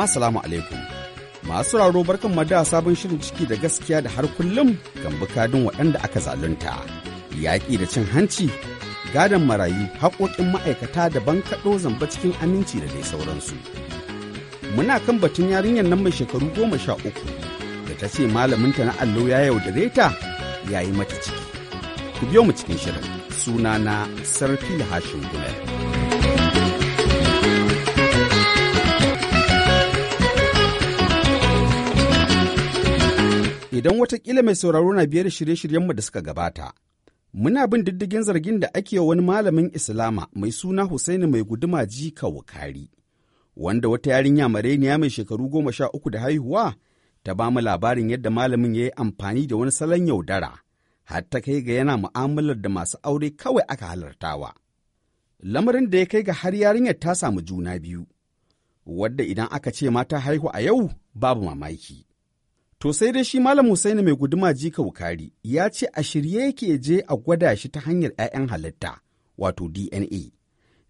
amma salamu alaikum. Masu raro barkan da sabon shirin ciki da gaskiya da har kullum kan bukadin waɗanda aka zalunta. Yaƙi da cin hanci, gadon marayu, haƙoƙin ma'aikata da bankaɗo zamba cikin aminci da dai sauransu. Muna kan batun yarinyar nan mai shekaru goma sha uku da ta ce malaminta na allo ya yaudare ta ya yi mata ciki. Ku biyo mu cikin shirin sunana sarfi Hashim Gumel. Idan watakila mai sauraro na biyar shirye-shiryenmu da suka gabata, muna bin diddigin zargin da ake wa wani malamin Islama mai suna Hussaini mai guduma jika kawakari, wanda wata yarinya mareniya mai shekaru goma sha uku da haihuwa ta ba mu labarin yadda malamin ya yi amfani da wani salon yaudara, har ta kai ga yana mu'amalar da masu aure kawai aka halartawa. Lamarin da ya kai ga har yarinyar ta samu juna biyu, wadda idan aka ce mata haihu a yau babu mamaki. To sai dai shi Malam Husaini mai guduma jika wukari ya ce a shirye yake je a gwada shi ta hanyar 'ya'yan halitta wato DNA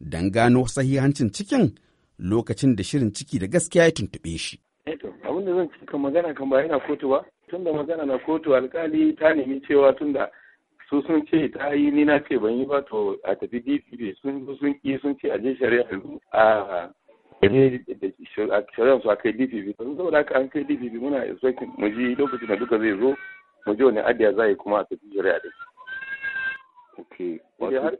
don gano sahihancin cikin lokacin da shirin ciki da gaskiya ya tuntube shi. Eh abin da zan cika magana kan ba yana kotu ba, tun magana na kotu alkali ta nemi cewa tun da su sun ce ta yi ni na ce ban yi ba to a tafi DPP sun sun ki sun ce a je shari'a a shari'ar su a kai dpp saboda haka an kai dpp muna expecting mu ji lokacin da duka zai zo mu ji wani adiya za kuma a tafi shari'a din ok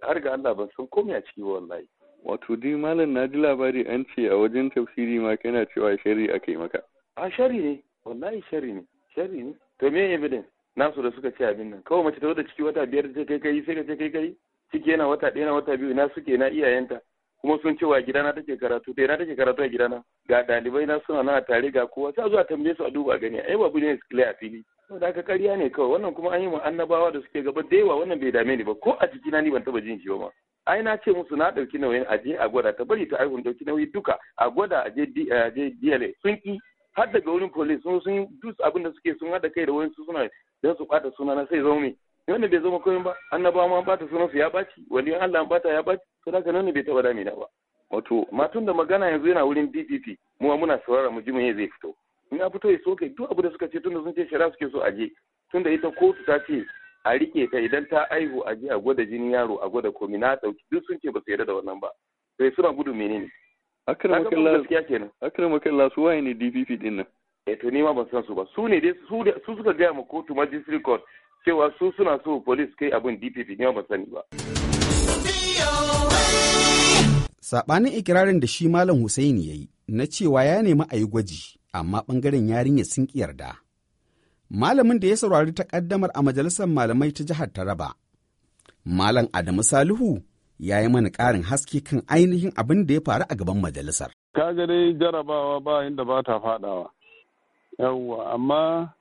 har ga Allah ban san komai a ciki ba wallahi wato dai malam na ji labari an ce a wajen tafsiri ma kana cewa shari a yi maka a shari ne wallahi shari ne shari ne to me evidence nasu da suka ce abin nan kawai mace ta wata ciki wata biyar ta kai kai sai ka ce kai kai ciki yana wata ɗaya na wata biyu na suke na iyayenta kuma sun ce wa gidana take karatu dai na take karatu a gidana ga ɗalibai na suna nan tare ga kowa sai zuwa tambaye su a duba gani ai babu ne clear a fili saboda haka ƙarya ne kawai wannan kuma an yi annabawa da suke gaba da yawa wannan bai dame ni ba ko a ciki na ni ban taba jin shi ba ai na ce musu na ɗauki nauyin aje a gwada ta bari ta aihun ɗauki nauyi duka a gwada aje DLA sun ki har daga wurin police sun sun dus abin da suke sun hada kai da wani su suna don su ɓata suna na sai zaune wanda bai zama komai ba annabawa ma bata su ya baci wani Allah bata ya baci to daga nan bai taba damina ba wato matun da magana yanzu yana wurin DPP mu muna saurara mu ji me zai fito in ya fito ya soke duk abu da suka ce tunda sun ce shari'a suke so a je tunda ita kotu ta ce a rike ta idan ta aihu a je a gwada jini yaro a gwada komi na dauki duk sun ce ba su yarda da wannan ba sai suna gudu menene akrama kalla su waye ne DPP din nan eh to ni ma ban san su ba su ne dai su suka gaya ma kotu magistrate court cewa su suna so police kai abin DPP ne ba sani ba. Saɓanin ikirarin da shi Malam Hussein ya yi na cewa ya nemi a yi gwaji, amma ɓangaren yarinya sun ƙi yarda. Malamin da ya saurari takaddamar a majalisar malamai ta jihar Taraba, Malam Adamu Salihu ya yi mana ƙarin haske kan ainihin abin da ya faru a gaban majalisar. Ka dai jarabawa ba inda ba ta faɗawa. Yawwa, amma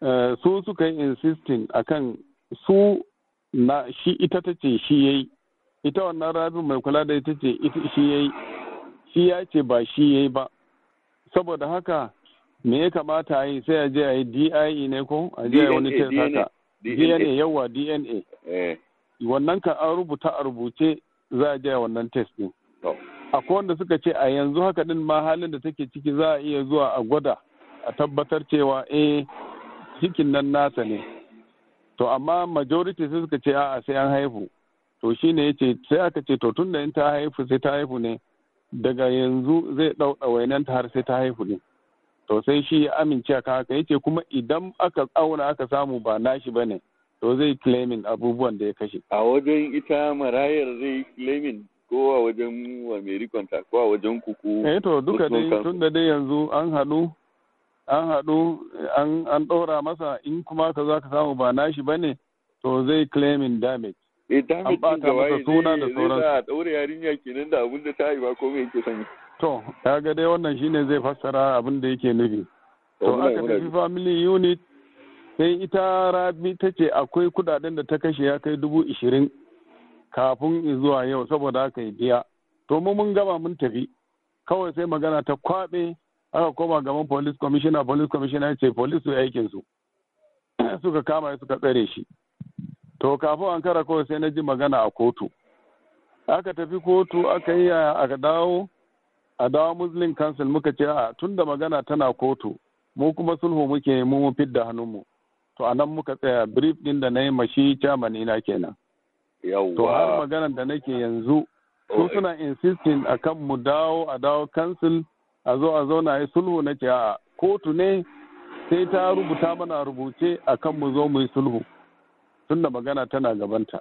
Eh, su suka yi insisting kan su na shi ita ta ce shi yayi ita wannan rabin mai kula da ita ce shi yayi shi ya ce ba shi yayi ba saboda haka me ya kamata a yi sai a je a yi DIE ne ko a je a wani test haka DNA yawa DNA eh. wannan ka an rubuta a rubuce za a je a wannan test din akwai wanda suka ce a yanzu haka din ma halin da take ciki za a iya zuwa a gwada a tabbatar cewa eh cikin nan nasa ne to amma majority sai suka ce a'a sai an haihu to shine yace sai aka ce to tunda in ta haihu sai ta haihu ne daga yanzu zai dau ta har sai ta haihu ne to sai shi ya amince akan haka yace kuma idan aka auna aka samu ba nashi bane to zai claiming abubuwan da ya kashe a wajen ita marayar zai claiming ko a wajen american ta ko a wajen kuku eh to duka dai tunda dai yanzu an haɗu an haɗu an ɗora masa in kuma ka za ka samu ba nashi ba ne to zai claiming damage eh, An ɓata masa suna da sauran za a ɗaure yarinya kenan da abin da ta yi ba ko me yake sani to ya ga dai wannan shine zai fassara abin da yake nufi to aka tafi family unit sai ita rabi ta ce akwai kudaden da ta kashe ya kai dubu ishirin kafin zuwa yau saboda haka ya biya to mu mun gama mun tafi kawai sai magana ta kwaɓe aka koma gaban police commissioner police commissioner ce police su aikin su suka kama suka tsare shi to kafin an kara kawai sai na ji magana a kotu aka tafi kotu aka yi aka dawo a dawo muslim council muka ce a tun da magana tana kotu mu kuma sulhu muke mu mu fidda hannunmu to a nan muka tsaya brief din da na yi mashi chairman na kenan to har magana da nake yanzu su suna insisting akan mu dawo a dawo council a zo a zauna yi sulhu na ce a kotu ne sai ta rubuta mana rubuce a kan mu zo mu yi sulhu tun da magana tana gabanta.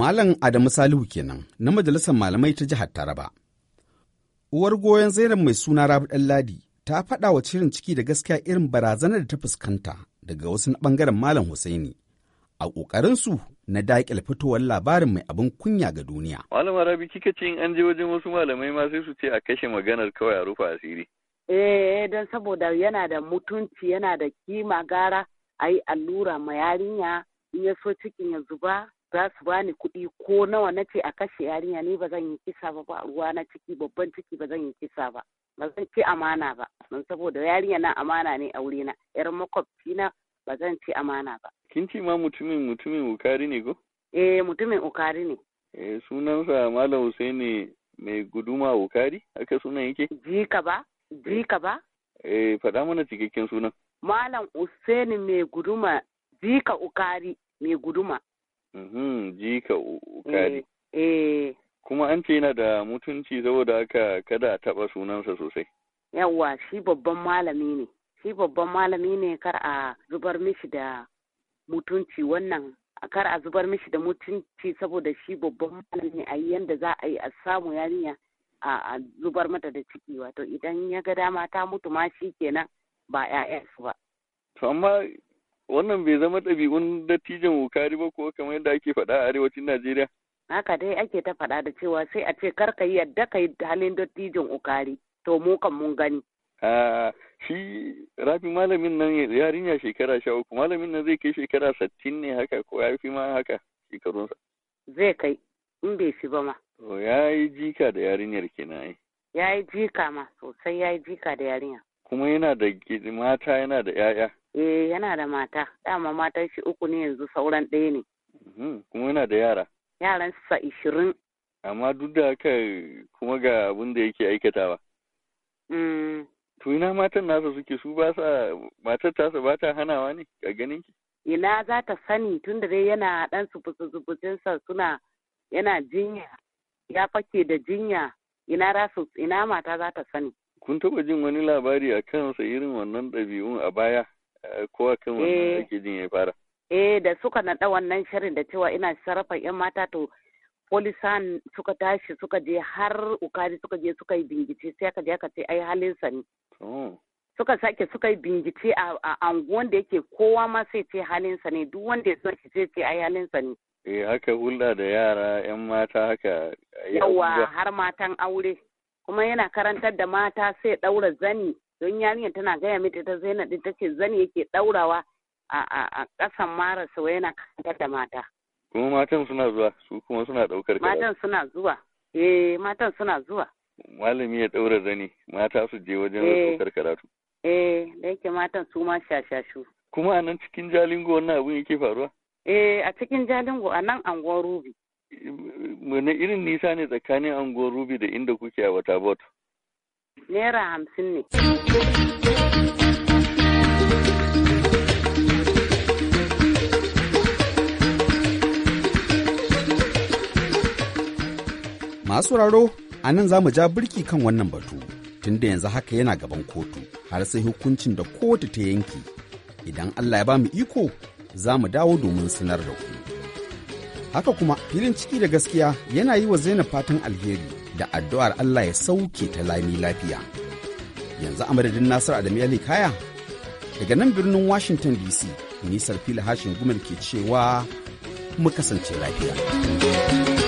Malam Adamu Salihu kenan na Majalisar Malamai ta Jihar Taraba. Uwar goyon Zainab mai suna Rabi Ɗanladi ta faɗa wa cirin ciki da gaskiya irin barazanar da ta fuskanta daga wasu ɓangaren Malam Hussaini a ƙoƙarinsu na daƙil fitowar labarin mai abin kunya ga duniya. Malama Rabi kika ce in an je wajen wasu malamai ma sai su ce a kashe maganar kawai a rufe asiri. Eh, eh don saboda yana da mutunci yana da kima gara a yi allura ma yarinya in ya so cikin ya zuba za su bani kuɗi ko nawa na ce a kashe yarinya ni ba zan yi kisa ba ba ruwa na ciki babban ciki ba zan yi kisa ba ba zan ce amana ba don saboda yarinya na amana ne a wurina yar makwabci na ba zan ce amana ba Kin ce ma mutumin mutumin Ukari ne ko? Eh mutumin Ukari ne. Eh sunansa Malam ne mai guduma Ukari haka sunan yake? Jika ba? Jika ba? Eh faɗa mana cikakken sunan. Malam Husaini mai guduma Jika Ukari mai guduma. Mhm Jika Ukari. Eh, eh. Kuma an ce yana da mutunci saboda haka kada a taɓa sunansa sosai. Yawwa shi babban malami ne. Shi babban malami ne kar a zubar mishi da mutunci wannan kar a zubar mishi da mutunci saboda shi babban malami a yi yanda za a yi a samu yarinya a zubar mata da ciki wato idan ya ga dama ta mutu ma shi kenan ba 'ya'yansu ba. To amma wannan bai zama ɗabi'un dattijan wukari ba ko kamar yadda ake faɗa a arewacin Najeriya. Haka dai ake ta faɗa da cewa sai a ce kar ka yadda ka yi halin dattijan ukari to mu kan mun gani. shi rafi malamin nan yarinya shekara sha uku malamin nan zai kai shekara sattin ne haka ko ya fi ma haka shekarunsa zai kai in bai fi ba ma ya yi jika da yarinyar kenan ai ya yi jika ma sosai ya yi jika da yarinya kuma yana da mata yana da yaya eh yana da mata dama matan shi uku ne yanzu sauran ɗaya ne mhm, kuma yana da yara Yaran sa ishirin amma duk da haka kuma ga abin da yake aikatawa mm, to ina matan nasa suke su ba sa matar tasa ba ta hanawa ne a ganin ki ina za ta sani tun da dai yana ɗan su sa suna yana jinya ya fake da jinya ina rasu ina mata za ta sani kun taɓa jin wani labari a kansa irin wannan ɗabi'un a baya eh, ko a kan wannan eh. ake jin ya fara eh da suka naɗa wannan shirin da cewa ina sarrafa yan mata to polisan suka tashi suka je har ukari suka je suka yi bingice sai aka je aka ce ai halinsa ne suka sake suka yi bingice a anguwan da yake kowa ma sai ce halinsa ne duk wanda ya son sai ce ai halinsa ne eh haka hulɗa da yara yan mata haka yawa har matan aure kuma yana karantar da mata sai ɗaura zani don yarinyar tana gaya mata ta zainab ta ce zani yake ɗaurawa a ƙasan marasa yana karantar da mata Kuma matan suna zuwa, su kuma suna ɗaukar karatu. Matan suna zuwa, eh matan suna zuwa. Malami ya daura zani, mata su je wajen eh. ɗaukar karatu. Eh, da yake matan su ma shashashu. Kuma a nan cikin jalingo wannan abin yake faruwa? Eh, a cikin jalingo a nan anguwar Rubi. mene irin nisa ne tsakanin anguwar Rubi da inda kuke a bot? Naira hamsin ne. Masu raro, a nan za mu ja birki kan wannan batu, tunda yanzu haka yana gaban kotu, har sai hukuncin da kotu ta yanki. Idan Allah ya ba mu iko, za mu dawo domin sanar da ku. Haka kuma filin ciki da gaskiya yana yi wa Zainab fatan alheri da addu'ar Allah ya sauke ta lami lafiya. Yanzu a madadin Nasir Adam ya Kaya, daga nan birnin Washington DC, nisar fili hashin gumel ke cewa mu kasance lafiya.